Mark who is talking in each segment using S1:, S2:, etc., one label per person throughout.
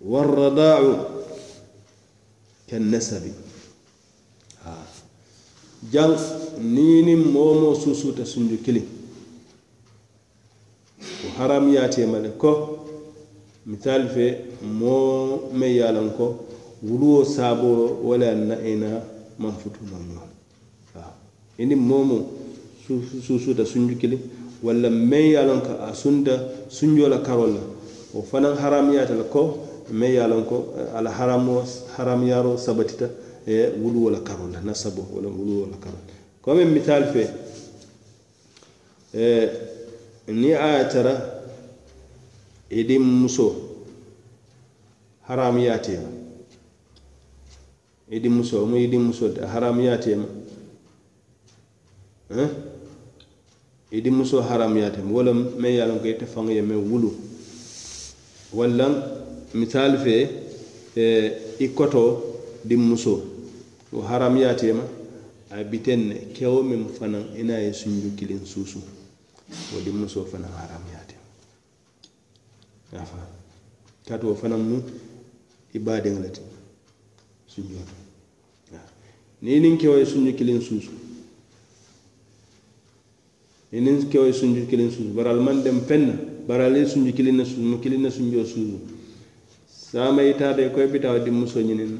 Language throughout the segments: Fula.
S1: warradaau kennesabi jan niinin moomoo suusuuta sunju kili ko haram yaatemale ko misal fe moo me yalan ko wuluwo saaboro wala na ina manfutuma ñoo ini moomo suusuuta sunju kili walla me yalan ka a sunda sunjola karol la o fanan haram yaatala ko me ye lon ko eh, ala haramo haram yaro sabatita e wuluwo la karonda nasabo wala wuluwo la karonda comme mital fe eh, ni aya tara idin e muso haram yatema idin e muso mu idin e muso haram yatema idin eh? muso haram yatema wala me ye lon ko ite fanga ye me wulu wallan misal fe e, i koto din muso o haramyatema a biten ne kewo min fanan ina ye sunju kilin susu o din muso fanan haramyatema fa kati o fanan mu i badenlati sunjoto nii nin kewo ye sunju kilin susu ni nin kewo ye sunju kilin susu baralman dem fenna baralee sunju kilin na sunju kilin na sunjo susu sama itade ko ebita wa dimuso ñinin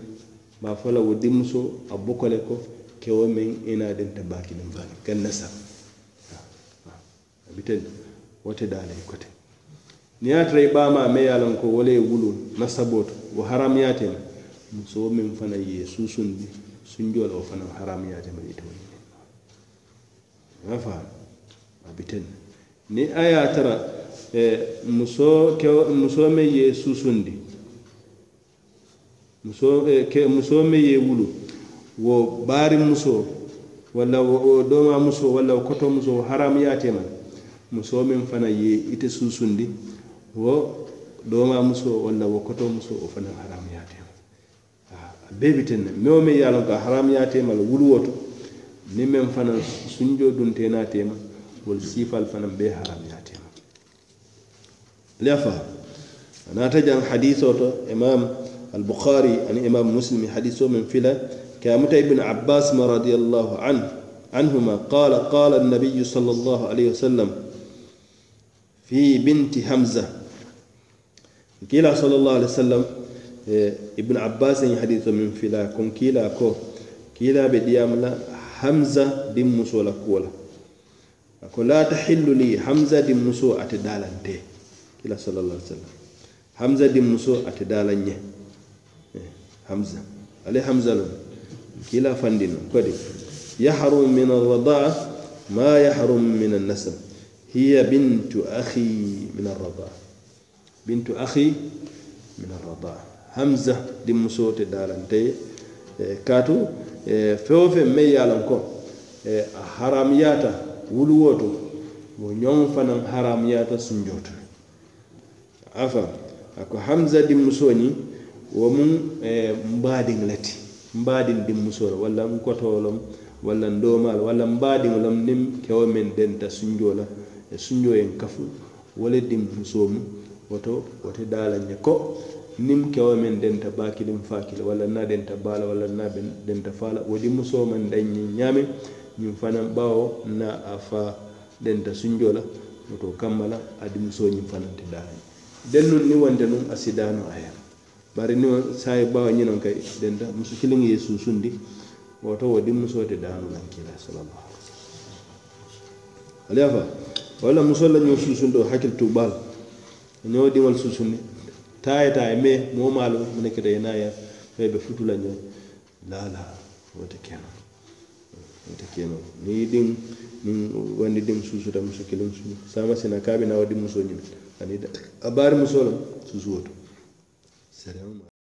S1: ba fola wo dimuso a bokole ko kewo min ina den ta baki nin bani kan nasa abiten wote dale e kote ni atre ba ma me yalan ko wole e wulu nasabot wo haram yaten muso min fana yesu sundi sunjol o fana haram yaten ma ito ni abiten ni aya tara eh, muso ke muso me yesu sundi musoo eh, me ye wulu wo baari muso walla wo doma muso walla wo koto muso wo haramuyaate man musoo meŋ fana ye ite suusundi wo doma muso walla wo koto muso o fana haramuyaate ma a ah, bee biten ne mewo meŋ ye a loŋ ka haramuyaate ma la wulu wo to niŋ meŋ fana sunjo dunteenaate ma wolu siifal fanaŋ bee haramuyaate ma ali a faa a naata jaŋ hadiso to imam البخاري عن إمام مسلم حديثه من فلا كامت ابن عباس ما رضي الله عنه عنهما قال قال النبي صلى الله عليه وسلم في بنت حمزة كيلا صلى الله عليه وسلم إيه، ابن عباس يعني حديث من فلا كن كيلا كو كيلا بدياملا حمزة دم مسولة كولا أقول لا تحل لي حمزة دم مسولة أتدالا دي كيلا صلى الله عليه وسلم حمزة دم مسولة أتدالا نيه همزة عليه همزة لهم كلا فندنا كدي يحرم من الرضاعة ما يحرم من النسب هي بنت أخي من الرضاعة بنت أخي من الرضاعة همزة دي مسوتي دالنتي كاتو مي فوفي ميالنكو حرامياتا ولوتو ونيون فنان حرامياتا سنجوت عفا أكو همزة دي مسوني wo mun e, mbaadiŋ le ti mbaadiŋ dimmusoo la walla n kotoo lom walla n doomaa la walla mbaadiŋ lom niŋ kewo meŋ denta sunjoo la e sunjoo ye kafu wo le dimmusoo mu woto wo te daala ñe ko niŋ kewo meŋ denta baakiliŋ faaki la walla na denta baa la walla na denta faa la wo dimmusoo maŋ daŋ ñiŋ ñaami ñiŋ fanaŋ baawo na a faa denta sunjoo la woto kamma la a dimmusoo ñiŋ fanaŋ te daala ñe dennu niŋ wante nuŋ a sidaano a yaŋ bari niŋ saayi bawa ñinaŋ ka denta musu kiliŋ ye suusundi woto wo musu musoo te daanu naŋ kila sallallahu alaihi wasallam ali ye fa walla musoo la ñoo suusundoo hakkil tuubaal ñoo diŋol suusundi taa ye taa ye me moo maalu mu ne keta ye naa ye be be futu la ñoo la la, te keenoo wo te ni niŋ ni wani niŋ wandi diŋ musu kiliŋ suu saama sina kabi na wadi musu di ani a baari musu la susu to caramba.